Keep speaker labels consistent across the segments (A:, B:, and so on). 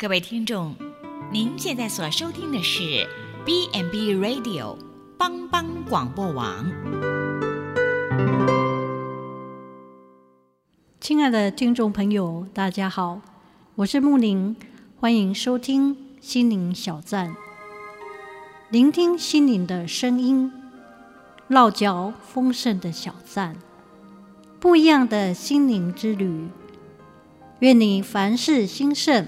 A: 各位聽眾，您現在所收聽的是 B&B Radio 幫幫廣播網。
B: 親愛的聽眾朋友，大家好，我是牧鄰，歡迎收聽心靈小棧，聆聽心靈的聲音，落腳豐盛的小棧，不一樣的心靈之旅。願你凡事興盛。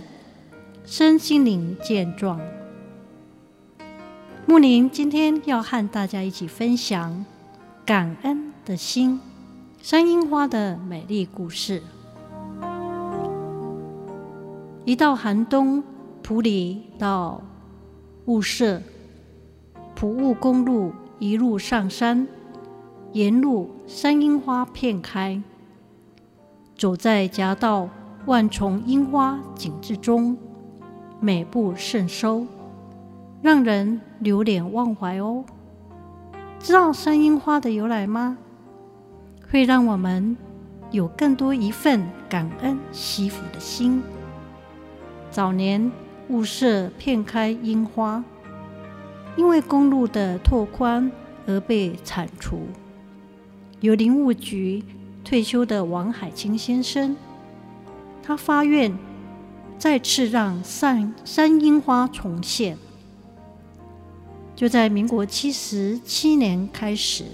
B: 身心靈健壯。牧鄰今天要和大家一起分享感恩的心、山櫻花的美麗故事。一到寒冬，埔里到霧社，埔霧公路一路上山，沿路山櫻花片開，走在夾道萬重櫻花景致中，美不勝收，讓人流連忘懷哦。知道山櫻花的由來嗎？會讓我們有更多一份感恩惜福的心。早年霧社遍開櫻花，因為公路的拓寬而被鏟除。由林務局退休的王海清先生，他發願。再次讓山山櫻花重現，就在民國七十七年開始，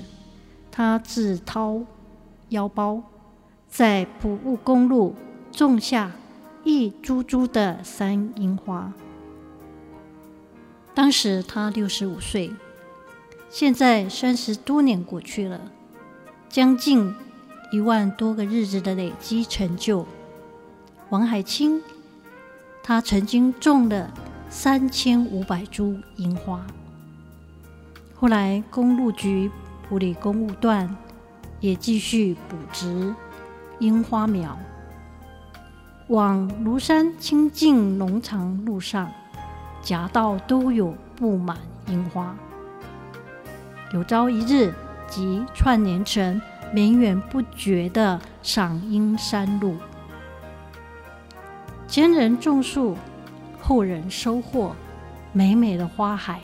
B: 他自掏腰包在埔霧公路種下一株株的山櫻花。當時他六十五歲，現在三十多年過去了，將近一萬多個日子的累積成就，王海清。他曾經種了三千五百株櫻花，後來公路局埔里工務段也繼續補植櫻花苗，往廬山清境農場路上，夾道都有布滿櫻花，有朝一日即串聯成綿延不絕的賞櫻山路。前人種樹，後人收穫美美的花海，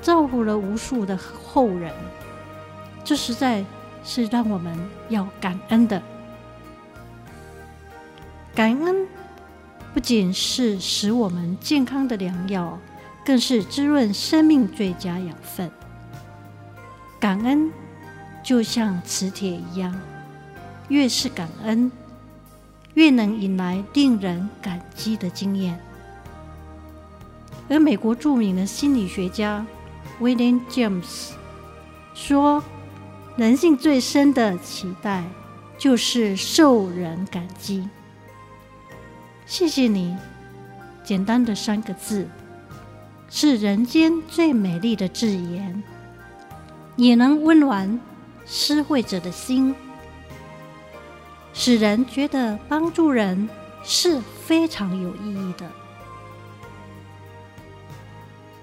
B: 造福了無數的後人，這實在是讓我們要感恩的。感恩不僅是使我們健康的良藥，更是滋潤生命最佳養分。感恩就像磁鐵一樣，越是感恩。越能引來令人感激的經驗。而美國著名的心理學家威廉·詹姆斯說：“人性最深的期待就是受人感激。”謝謝你，簡單的三個字，是人間最美麗的字眼，也能溫暖施惠者的心。使人覺得幫助人是非常有意義的。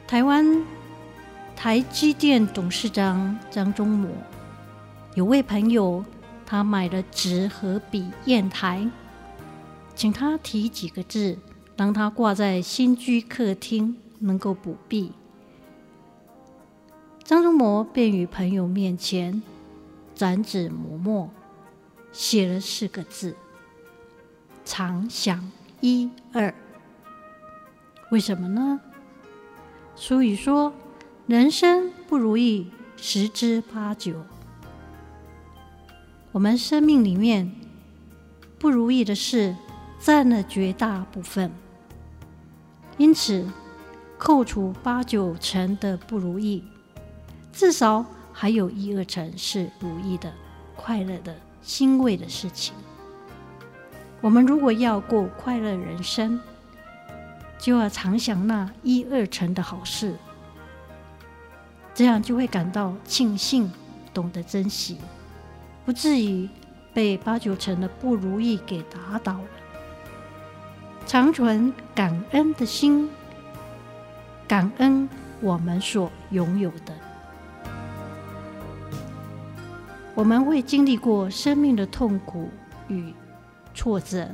B: 台灣台積電董事長張忠謀有位朋友，他買了紙和筆、硯台，請他題幾個字，讓他掛在新居客廳，能夠補壁。張忠謀便與朋友面前展紙磨墨。寫了四個字：“常想一二。”為什麼呢？俗語說：“人生不如意十之八九。”我們生命裡面不如意的事占了絕大部分，因此扣除八九成的不如意，至少還有一二成是如意的、快樂的。欣慰的事情。我們如果要過快樂人生，就要常想那一二成的好事，這樣就會感到慶幸，懂得珍惜，不至於被八九成的不如意給打倒了。常存感恩的心，感恩我們所擁有的。我們會經歷過生命的痛苦與挫折，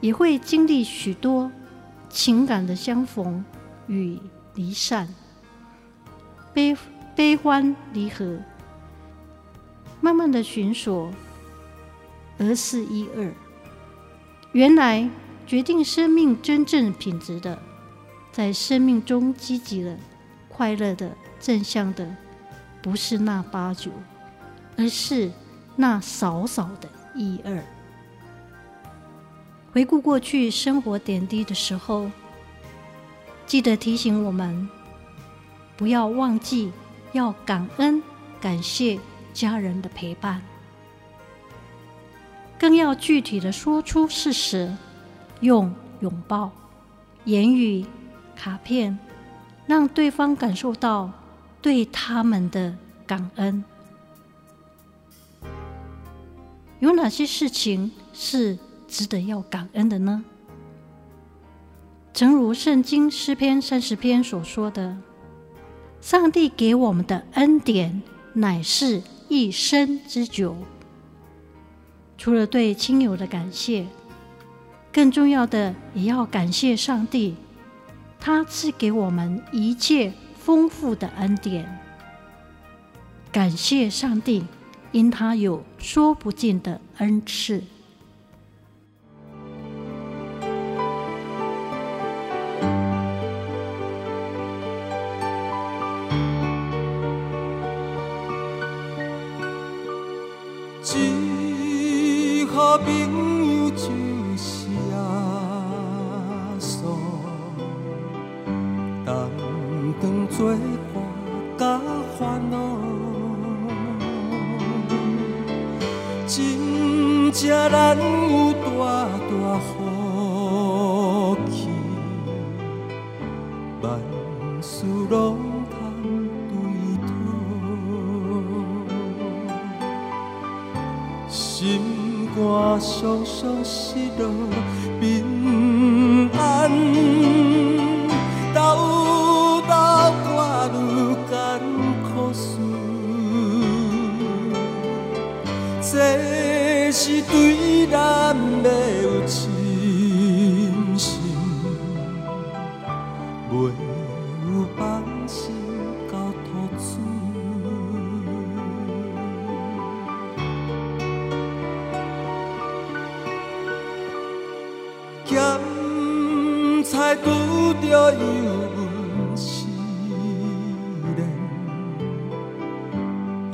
B: 也會經歷許多情感的相逢與離散，悲悲歡離合，慢慢的尋索，而是一二。原來決定生命真正品質的，在生命中積極的、快樂的、正向的，不是那八九。而是那少少的一二。回顧過去生活點滴的時候，記得提醒我們不要忘記，要感恩、感謝家人的陪伴，更要具體的說出事實，用擁抱、言語、卡片，讓對方感受到對他們的感恩。有哪些事情是值得要感恩的呢？誠如聖經詩篇三十篇所說的，上帝給我們的恩典乃是一生之久。除了對親友的感謝，更重要的也要感謝上帝，他賜給我們一切豐富的恩典。感謝上帝。因他有說不盡的
A: 恩賜。 才能有大大福氣，萬事攏通對透，心肝酸酸失落，平安。